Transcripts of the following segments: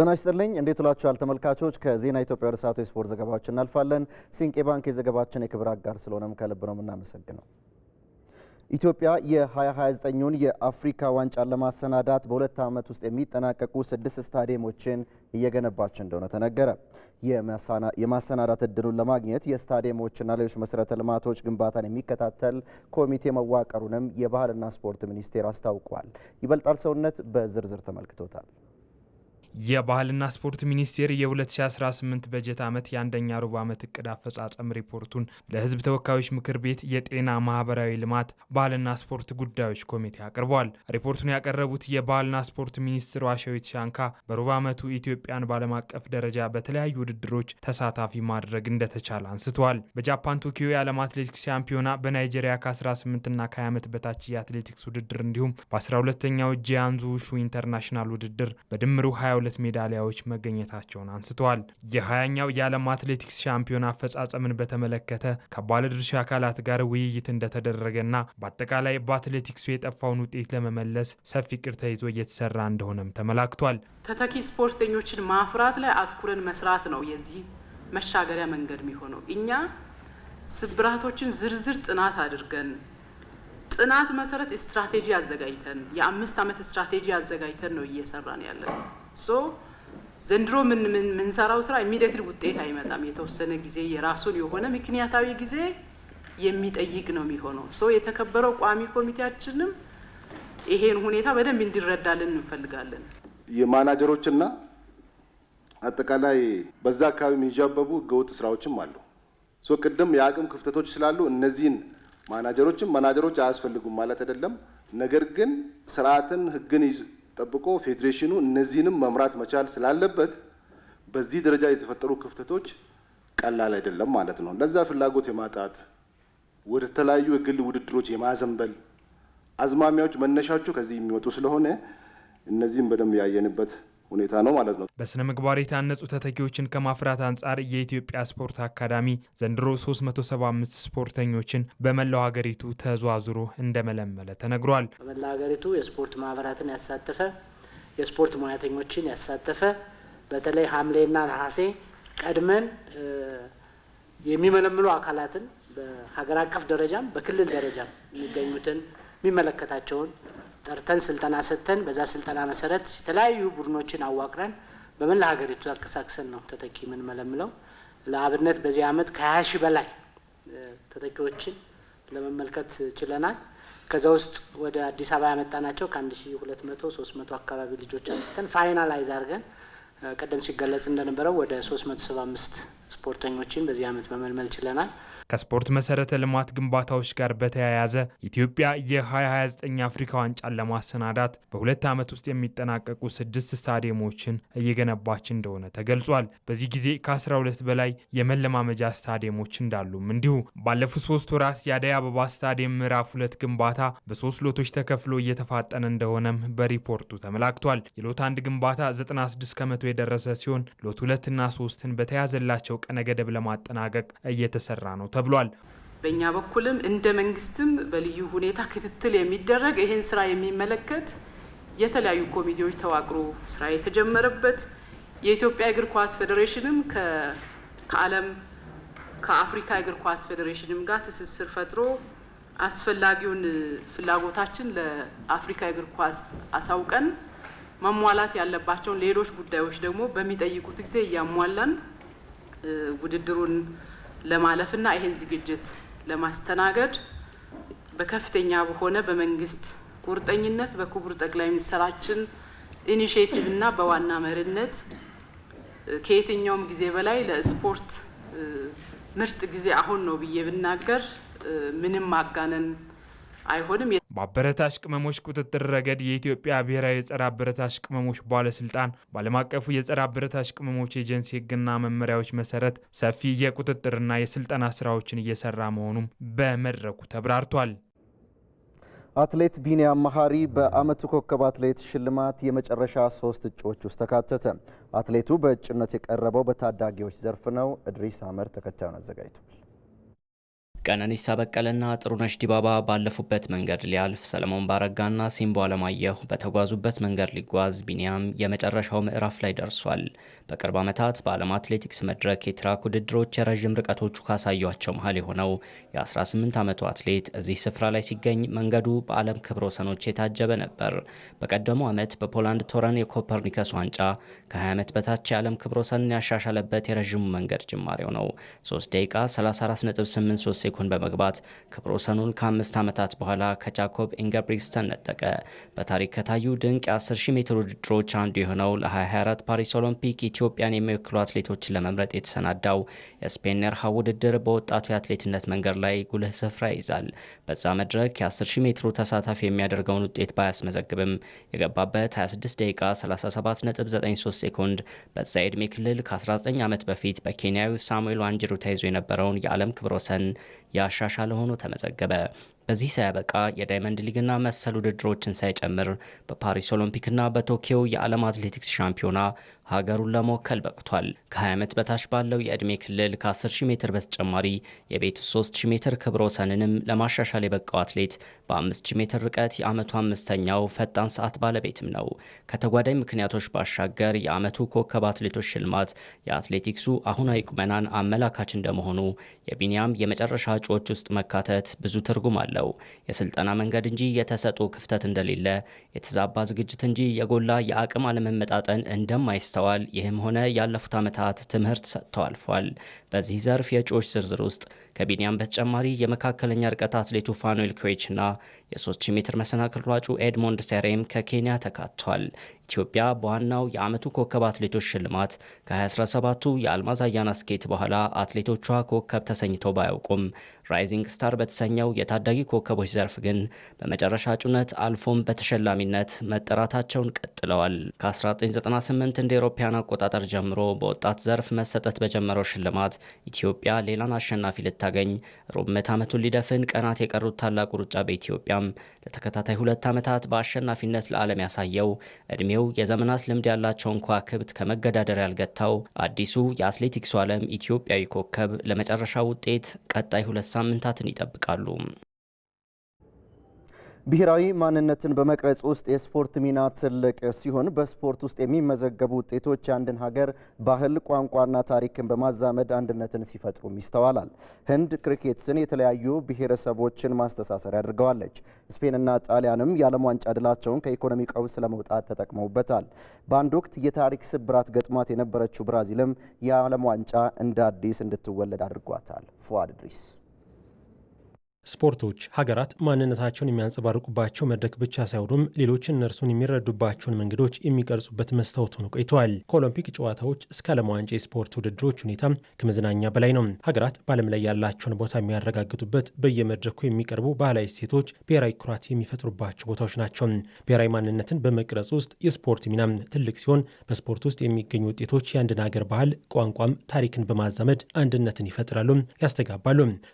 ጤና ይስጥልኝ እንዴት ውላችኋል ተመልካቾች። ከዜና ኢትዮጵያ ወደ ሰዓቱ የስፖርት ዘገባዎች እናልፋለን። ሲንቄ ባንክ የዘገባችን የክብር አጋር ስለሆነም ከልብ ነው የምናመሰግነው። ኢትዮጵያ የ2029ን የአፍሪካ ዋንጫን ለማሰናዳት በሁለት ዓመት ውስጥ የሚጠናቀቁ ስድስት ስታዲየሞችን እየገነባች እንደሆነ ተነገረ። የማሰናዳት እድሉን ለማግኘት የስታዲየሞችና ሌሎች መሰረተ ልማቶች ግንባታን የሚከታተል ኮሚቴ መዋቀሩንም የባህልና ስፖርት ሚኒስቴር አስታውቋል። ይበልጣል ሰውነት በዝርዝር ተመልክቶታል። የባህልና ስፖርት ሚኒስቴር የ2018 በጀት ዓመት የአንደኛ ሩብ ዓመት እቅድ አፈጻጸም ሪፖርቱን ለሕዝብ ተወካዮች ምክር ቤት የጤና ማህበራዊ ልማት ባህልና ስፖርት ጉዳዮች ኮሚቴ አቅርቧል። ሪፖርቱን ያቀረቡት የባህልና ስፖርት ሚኒስትር ዋሸዊት ሻንካ በሩብ ዓመቱ ኢትዮጵያን በዓለም አቀፍ ደረጃ በተለያዩ ውድድሮች ተሳታፊ ማድረግ እንደተቻለ አንስተዋል። በጃፓን ቶኪዮ የዓለም አትሌቲክስ ሻምፒዮና፣ በናይጄሪያ ከ18ና ከ20 ዓመት በታች የአትሌቲክስ ውድድር እንዲሁም በ12ኛው ጂያንዙ ውሹ ኢንተርናሽናል ውድድር በድምሩ 22 ሁለት ሜዳሊያዎች መገኘታቸውን አንስተዋል። የ20ኛው የዓለም አትሌቲክስ ሻምፒዮን አፈጻጸምን በተመለከተ ከባለድርሻ አካላት ጋር ውይይት እንደተደረገና በአጠቃላይ በአትሌቲክሱ የጠፋውን ውጤት ለመመለስ ሰፊ ቅር ተይዞ እየተሰራ እንደሆነም ተመላክቷል። ተተኪ ስፖርተኞችን ማፍራት ላይ አትኩረን መስራት ነው የዚህ መሻገሪያ መንገድ የሚሆነው። እኛ ስብራቶችን ዝርዝር ጥናት አድርገን ጥናት መሰረት ስትራቴጂ አዘጋጅተን የአምስት ዓመት ስትራቴጂ አዘጋጅተን ነው እየሰራን ያለን። ሶ ዘንድሮ ምን የምንሰራው ስራ ኢሚዲየትሊ ውጤት አይመጣም። የተወሰነ ጊዜ የራሱን የሆነ ምክንያታዊ ጊዜ የሚጠይቅ ነው የሚሆነው። ሶ የተከበረው ቋሚ ኮሚቴያችንም ይሄን ሁኔታ በደንብ እንዲረዳልን እንፈልጋለን። የማናጀሮችና አጠቃላይ በዛ አካባቢ የሚንዣበቡ ህገወጥ ስራዎችም አሉ። ሶ ቅድም የአቅም ክፍተቶች ስላሉ እነዚህን ማናጀሮችም ማናጀሮች አያስፈልጉም ማለት አይደለም። ነገር ግን ስርዓትን ህግን ጠብቆ ፌዴሬሽኑ እነዚህንም መምራት መቻል ስላለበት በዚህ ደረጃ የተፈጠሩ ክፍተቶች ቀላል አይደለም ማለት ነው። ለዛ ፍላጎት የማጣት ወደ ተለያዩ የግል ውድድሮች የማዘንበል አዝማሚያዎች መነሻቸው ከዚህ የሚወጡ ስለሆነ እነዚህም በደንብ ያየንበት ሁኔታ ነው ማለት ነው። በስነ ምግባር የታነጹ ተተኪዎችን ከማፍራት አንጻር የኢትዮጵያ ስፖርት አካዳሚ ዘንድሮ 375 ስፖርተኞችን በመላው ሀገሪቱ ተዟዙሮ እንደመለመለ ተነግሯል። በመላ ሀገሪቱ የስፖርት ማህበራትን ያሳተፈ የስፖርት ሙያተኞችን ያሳተፈ በተለይ ሐምሌና ነሐሴ ቀድመን የሚመለምሉ አካላትን በሀገር አቀፍ ደረጃም በክልል ደረጃም የሚገኙትን የሚመለከታቸውን ጠርተን ስልጠና ሰጥተን በዛ ስልጠና መሰረት የተለያዩ ቡድኖችን አዋቅረን በመላ ሀገሪቱ አንቀሳቅሰን ነው ተተኪ የምንመለምለው። ለአብነት በዚህ አመት ከሀያ ሺህ በላይ ተተኪዎችን ለመመልከት ችለናል። ከዛ ውስጥ ወደ አዲስ አበባ ያመጣናቸው ከአንድ ሺ ሁለት መቶ ሶስት መቶ አካባቢ ልጆች አንስተን ፋይናላይዝ አድርገን ቀደም ሲገለጽ እንደነበረው ወደ ሶስት መቶ ሰባ አምስት ስፖርተኞችን በዚህ አመት መመልመል ችለናል። ከስፖርት መሰረተ ልማት ግንባታዎች ጋር በተያያዘ ኢትዮጵያ የ2029 አፍሪካ ዋንጫን ለማሰናዳት በሁለት ዓመት ውስጥ የሚጠናቀቁ ስድስት ስታዲየሞችን እየገነባች እንደሆነ ተገልጿል። በዚህ ጊዜ ከ12 በላይ የመለማመጃ ስታዲየሞች እንዳሉም እንዲሁ ባለፉት ሶስት ወራት የአደይ አበባ ስታዲየም ምዕራፍ ሁለት ግንባታ በሶስት ሎቶች ተከፍሎ እየተፋጠነ እንደሆነም በሪፖርቱ ተመላክቷል። የሎት አንድ ግንባታ 96 ከመቶ የደረሰ ሲሆን ሎት ሁለትና ሶስትን በተያዘላቸው ቀነ ገደብ ለማጠናቀቅ እየተሰራ ነው ተብሏል። በእኛ በኩልም እንደ መንግስትም በልዩ ሁኔታ ክትትል የሚደረግ ይህን ስራ የሚመለከት የተለያዩ ኮሚቴዎች ተዋቅሮ ስራ የተጀመረበት የኢትዮጵያ እግር ኳስ ፌዴሬሽንም ከዓለም ከአፍሪካ እግር ኳስ ፌዴሬሽንም ጋር ትስስር ፈጥሮ አስፈላጊውን ፍላጎታችን ለአፍሪካ እግር ኳስ አሳውቀን መሟላት ያለባቸውን ሌሎች ጉዳዮች ደግሞ በሚጠይቁት ጊዜ እያሟላን ውድድሩን ለማለፍና ይሄን ዝግጅት ለማስተናገድ በከፍተኛ በሆነ በመንግስት ቁርጠኝነት በክቡር ጠቅላይ ሚኒስትራችን ኢኒሽቲቭ እና በዋና መሪነት ከየትኛውም ጊዜ በላይ ለስፖርት ምርጥ ጊዜ አሁን ነው ብዬ ብናገር ምንም ማጋነን አይሆንም። በአበረታች ቅመሞች ቁጥጥር ረገድ የኢትዮጵያ ብሔራዊ የጸረ አበረታሽ ቅመሞች ባለስልጣን በዓለም አቀፉ የጸረ አበረታሽ ቅመሞች ኤጀንሲ ሕግና መመሪያዎች መሰረት ሰፊ የቁጥጥርና የስልጠና ስራዎችን እየሰራ መሆኑም በመድረኩ ተብራርቷል። አትሌት ቢኒያም መሀሪ በአመቱ ኮከብ አትሌት ሽልማት የመጨረሻ ሶስት እጩዎች ውስጥ ተካተተ። አትሌቱ በእጩነት የቀረበው በታዳጊዎች ዘርፍ ነው። እድሪስ አመር ተከታዩን አዘጋጅቷል። ቀነኒሳ በቀለና ጥሩነሽ ዲባባ ባለፉበት መንገድ ሊያልፍ ሰለሞን ባረጋና ሲምቦ አለማየሁ በተጓዙበት መንገድ ሊጓዝ ቢኒያም የመጨረሻው ምዕራፍ ላይ ደርሷል። በቅርብ ዓመታት በዓለም አትሌቲክስ መድረክ የትራክ ውድድሮች የረዥም ርቀቶቹ ካሳያቸው መሀል የሆነው የ18 ዓመቱ አትሌት እዚህ ስፍራ ላይ ሲገኝ መንገዱ በዓለም ክብረ ወሰኖች የታጀበ ነበር። በቀደመው ዓመት በፖላንድ ቶረን የኮፐርኒከስ ዋንጫ ከ20 ዓመት በታች የዓለም ክብረ ወሰንን ያሻሻለበት የረዥሙ መንገድ ጅማሬው ነው። 3 ደቂቃ 34.83 ሜክሲኮን በመግባት ክብረ ወሰኑን ከአምስት ዓመታት በኋላ ከጃኮብ ኢንገብሪክስ ተነጠቀ። በታሪክ ከታዩ ድንቅ የ10,000 ሜትር ውድድሮች አንዱ የሆነው ለ2024 ፓሪስ ኦሎምፒክ ኢትዮጵያን የሚወክሉ አትሌቶችን ለመምረጥ የተሰናዳው የስፔን ነርሃ ውድድር በወጣቱ የአትሌትነት መንገድ ላይ ጉልህ ስፍራ ይዛል። በዛ መድረክ የ ሺህ ሜትሩ ተሳታፊ የሚያደርገውን ውጤት ባያስመዘግብም የገባበት 26 ደቂቃ 37.93 ሴኮንድ በዛ የዕድሜ ክልል ከ19 ዓመት በፊት በኬንያዊ ሳሙኤል ዋንጅሩ ተይዞ የነበረውን የዓለም ክብረ ወሰን ያሻሻለ ሆኖ ተመዘገበ። በዚህ ሳያበቃ የዳይመንድ ሊግና መሰል ውድድሮችን ሳይጨምር በፓሪስ ኦሎምፒክና በቶኪዮ የዓለም አትሌቲክስ ሻምፒዮና ሀገሩን ለመወከል በቅቷል። ከ20 ዓመት በታች ባለው የዕድሜ ክልል ከ10000 ሜትር በተጨማሪ የቤቱ 3000 ሜትር ክብረ ወሰንንም ለማሻሻል የበቃው አትሌት በ5000 ሜትር ርቀት የዓመቱ አምስተኛው ፈጣን ሰዓት ባለቤትም ነው። ከተጓዳኝ ምክንያቶች ባሻገር የዓመቱ ኮከብ አትሌቶች ሽልማት የአትሌቲክሱ አሁናዊ ቁመናን አመላካች እንደመሆኑ የቢኒያም የመጨረሻ እጩዎች ውስጥ መካተት ብዙ ትርጉም አለው። ያለው የስልጠና መንገድ እንጂ የተሰጡ ክፍተት እንደሌለ፣ የተዛባ ዝግጅት እንጂ የጎላ የአቅም አለመመጣጠን እንደማይስተዋል ይህም ሆነ ያለፉት ዓመታት ትምህርት ሰጥተው አልፏል። በዚህ ዘርፍ የእጩዎች ዝርዝር ውስጥ ከቢኒያም በተጨማሪ የመካከለኛ ርቀት አትሌቱ ፋኑኤል ኩዌችና የ3000 ሜትር መሰናክል ሯጩ ኤድሞንድ ሴሬም ከኬንያ ተካቷል። ኢትዮጵያ በዋናው የዓመቱ ኮከብ አትሌቶች ሽልማት ከ2017ቱ የአልማዝ አያና ስኬት በኋላ አትሌቶቿ ኮከብ ተሰኝተው ባያውቁም ራይዚንግ ስታር በተሰኘው የታዳጊ ኮከቦች ዘርፍ ግን በመጨረሻ ጩነት አልፎም በተሸላሚነት መጠራታቸውን ቀጥለዋል። ከ1998 እንደ ኤሮፓያን አቆጣጠር ጀምሮ በወጣት ዘርፍ መሰጠት በጀመረው ሽልማት ኢትዮጵያ ሌላን አሸናፊ ልታገኝ ሩብ ምዕተ ዓመቱን ሊደፍን ቀናት የቀሩት ታላቁ ሩጫ በኢትዮጵያ ሜዳም ለተከታታይ ሁለት ዓመታት በአሸናፊነት ለዓለም ያሳየው እድሜው የዘመናት ልምድ ያላቸውን ከዋክብት ከመገዳደር ያልገታው አዲሱ የአትሌቲክሱ ዓለም ኢትዮጵያዊ ኮከብ ለመጨረሻ ውጤት ቀጣይ ሁለት ሳምንታትን ይጠብቃሉ። ብሔራዊ ማንነትን በመቅረጽ ውስጥ የስፖርት ሚና ትልቅ ሲሆን በስፖርት ውስጥ የሚመዘገቡ ውጤቶች የአንድን ሀገር ባህል፣ ቋንቋና ታሪክን በማዛመድ አንድነትን ሲፈጥሩም ይስተዋላል። ህንድ ክሪኬትስን የተለያዩ ብሔረሰቦችን ማስተሳሰር አድርገዋለች። ስፔንና ጣሊያንም የዓለም ዋንጫ ድላቸውን ከኢኮኖሚ ቀውስ ለመውጣት ተጠቅመውበታል። በአንድ ወቅት የታሪክ ስብራት ገጥሟት የነበረችው ብራዚልም የዓለም ዋንጫ እንደ አዲስ እንድትወለድ አድርጓታል። ፉአድ ድሪስ ስፖርቶች ሀገራት ማንነታቸውን የሚያንጸባርቁባቸው መድረክ ብቻ ሳይሆኑም ሌሎች እነርሱን የሚረዱባቸውን መንገዶች የሚቀርጹበት መስታወት ሆኖ ቆይተዋል። ከኦሎምፒክ ጨዋታዎች እስከ ዓለም ዋንጫ የስፖርት ውድድሮች ሁኔታ ከመዝናኛ በላይ ነው። ሀገራት በዓለም ላይ ያላቸውን ቦታ የሚያረጋግጡበት፣ በየመድረኩ የሚቀርቡ ባህላዊ እሴቶች ብሔራዊ ኩራት የሚፈጥሩባቸው ቦታዎች ናቸው። ብሔራዊ ማንነትን በመቅረጽ ውስጥ የስፖርት ሚና ትልቅ ሲሆን በስፖርት ውስጥ የሚገኙ ውጤቶች የአንድን ሀገር ባህል፣ ቋንቋም ታሪክን በማዛመድ አንድነትን ይፈጥራሉ፣ ያስተጋባሉ።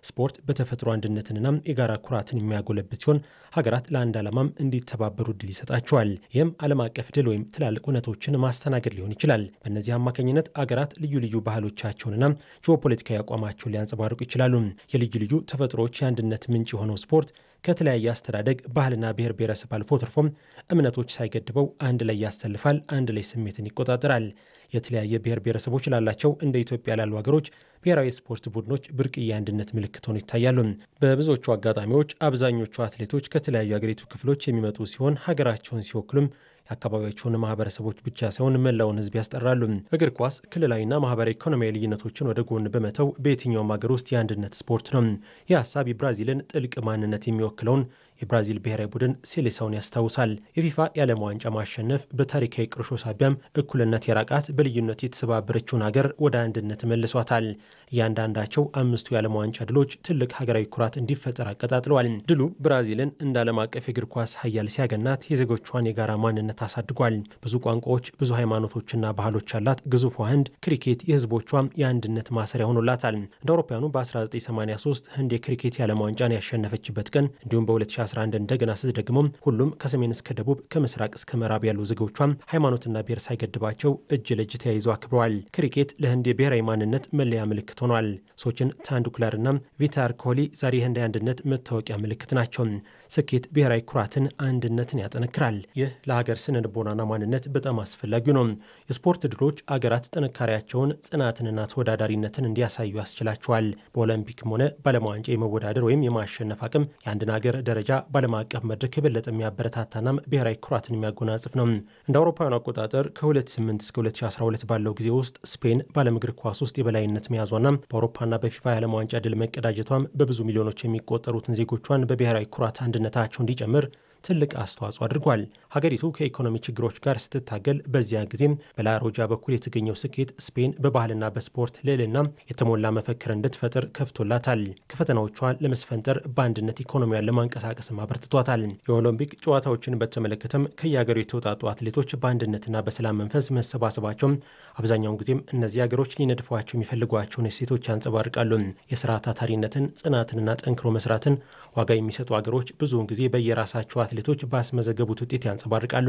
ስፖርት በተፈጥሮ አንድነትን ባህልና የጋራ ኩራትን የሚያጎለብት ሲሆን ሀገራት ለአንድ ዓላማም እንዲተባበሩ ድል ይሰጣቸዋል። ይህም ዓለም አቀፍ ድል ወይም ትላልቅ እውነቶችን ማስተናገድ ሊሆን ይችላል። በእነዚህ አማካኝነት አገራት ልዩ ልዩ ባህሎቻቸውንና ጂኦፖለቲካዊ አቋማቸውን ሊያንጸባርቁ ይችላሉ። የልዩ ልዩ ተፈጥሮዎች የአንድነት ምንጭ የሆነው ስፖርት ከተለያየ አስተዳደግ ባህልና ብሔር ብሔረሰብ አልፎ ትርፎም እምነቶች ሳይገድበው አንድ ላይ ያሰልፋል፣ አንድ ላይ ስሜትን ይቆጣጠራል። የተለያየ ብሔር ብሔረሰቦች ላላቸው እንደ ኢትዮጵያ ላሉ ሀገሮች ብሔራዊ የስፖርት ቡድኖች ብርቅዬ አንድነት ምልክት ሆነው ይታያሉ። በብዙዎቹ አጋጣሚዎች አብዛኞቹ አትሌቶች ከተለያዩ ሀገሪቱ ክፍሎች የሚመጡ ሲሆን ሀገራቸውን ሲወክሉም የአካባቢያቸውን ማህበረሰቦች ብቻ ሳይሆን መላውን ህዝብ ያስጠራሉ። እግር ኳስ ክልላዊና ማህበራዊ ኢኮኖሚያዊ ልዩነቶችን ወደ ጎን በመተው በየትኛውም ሀገር ውስጥ የአንድነት ስፖርት ነው። ይህ ሀሳብ የብራዚልን ጥልቅ ማንነት የሚወክለውን የብራዚል ብሔራዊ ቡድን ሴሌሳውን ያስታውሳል። የፊፋ የዓለም ዋንጫ ማሸነፍ በታሪካዊ ቅርሾ ሳቢያም እኩልነት የራቃት በልዩነት የተሰባበረችውን ሀገር ወደ አንድነት መልሷታል። እያንዳንዳቸው አምስቱ የዓለም ዋንጫ ድሎች ትልቅ ሀገራዊ ኩራት እንዲፈጠር አቀጣጥለዋል። ድሉ ብራዚልን እንደ ዓለም አቀፍ የእግር ኳስ ሀያል ሲያገናት የዜጎቿን የጋራ ማንነት አሳድጓል። ብዙ ቋንቋዎች፣ ብዙ ሃይማኖቶችና ባህሎች ያላት ግዙፏ ህንድ ክሪኬት የህዝቦቿም የአንድነት ማሰሪያ ሆኖላታል። እንደ አውሮፓውያኑ በ1983 ህንድ የክሪኬት የዓለም ዋንጫን ያሸነፈችበት ቀን እንዲሁም በ20 2011 እንደገና ስትደግመው ሁሉም ከሰሜን እስከ ደቡብ ከምስራቅ እስከ ምዕራብ ያሉ ዜጎቿ ሃይማኖትና ብሔር ሳይገድባቸው እጅ ለእጅ ተያይዘው አክብረዋል። ክሪኬት ለህንድ የብሔራዊ ማንነት መለያ ምልክት ሆኗል። ሶችን ታንዱክላርና ቪታር ኮሊ ዛሬ የህንድ አንድነት መታወቂያ ምልክት ናቸው። ስኬት ብሔራዊ ኩራትን፣ አንድነትን ያጠነክራል። ይህ ለሀገር ልቦናና ማንነት በጣም አስፈላጊ ነው። የስፖርት ድሎች አገራት ጥንካሬያቸውን፣ ጽናትንና ተወዳዳሪነትን እንዲያሳዩ ያስችላቸዋል። በኦሎምፒክም ሆነ በዓለም ዋንጫ የመወዳደር ወይም የማሸነፍ አቅም የአንድን ሀገር ደረጃ በዓለም አቀፍ መድረክ የበለጠ የሚያበረታታናም ብሔራዊ ኩራትን የሚያጎናጽፍ ነው። እንደ አውሮፓውያን አቆጣጠር ከ2008 እስከ 2012 ባለው ጊዜ ውስጥ ስፔን በዓለም እግር ኳስ ውስጥ የበላይነት መያዟና በአውሮፓና በፊፋ የዓለም ዋንጫ ድል መቀዳጀቷም በብዙ ሚሊዮኖች የሚቆጠሩትን ዜጎቿን በብሔራዊ ኩራት አንድ ተወዳዳሪነታቸው እንዲጨምር ትልቅ አስተዋጽኦ አድርጓል። ሀገሪቱ ከኢኮኖሚ ችግሮች ጋር ስትታገል በዚያ ጊዜም በላሮጃ በኩል የተገኘው ስኬት ስፔን በባህልና በስፖርት ልዕልና የተሞላ መፈክር እንድትፈጥር ከፍቶላታል። ከፈተናዎቿ ለመስፈንጠር በአንድነት ኢኮኖሚያን ለማንቀሳቀስም አበርትቷታል። የኦሎምፒክ ጨዋታዎችን በተመለከተም ከየሀገሩ የተውጣጡ አትሌቶች በአንድነትና በሰላም መንፈስ መሰባሰባቸውም አብዛኛውን ጊዜም እነዚህ ሀገሮች ሊነድፏቸው የሚፈልጓቸውን እሴቶች ያንጸባርቃሉ። የስራ ታታሪነትን፣ ጽናትንና ጠንክሮ መስራትን ዋጋ የሚሰጡ ሀገሮች ብዙውን ጊዜ በየራሳቸው አትሌቶች ባስመዘገቡት ውጤት ያንጸባርቃሉ።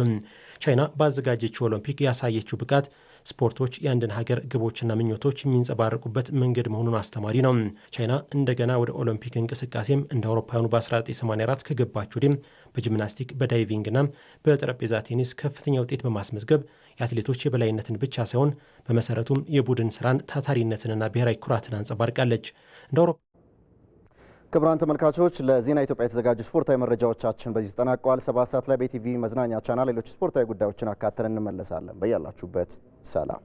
ቻይና ባዘጋጀችው ኦሎምፒክ ያሳየችው ብቃት ስፖርቶች የአንድን ሀገር ግቦችና ምኞቶች የሚንጸባረቁበት መንገድ መሆኑን አስተማሪ ነው። ቻይና እንደገና ወደ ኦሎምፒክ እንቅስቃሴም እንደ አውሮፓውያኑ በ1984 ከገባች ወዲህም በጂምናስቲክ በዳይቪንግና በጠረጴዛ ቴኒስ ከፍተኛ ውጤት በማስመዝገብ የአትሌቶች የበላይነትን ብቻ ሳይሆን በመሰረቱም የቡድን ስራን ታታሪነትንና ብሔራዊ ኩራትን አንጸባርቃለች እንደ ክቡራን ተመልካቾች ለዜና ኢትዮጵያ የተዘጋጁ ስፖርታዊ መረጃዎቻችን በዚህ ተጠናቀዋል። ሰባት ሰዓት ላይ በኢቲቪ መዝናኛ ቻናል ሌሎች ስፖርታዊ ጉዳዮችን አካተን እንመለሳለን። በያላችሁበት ሰላም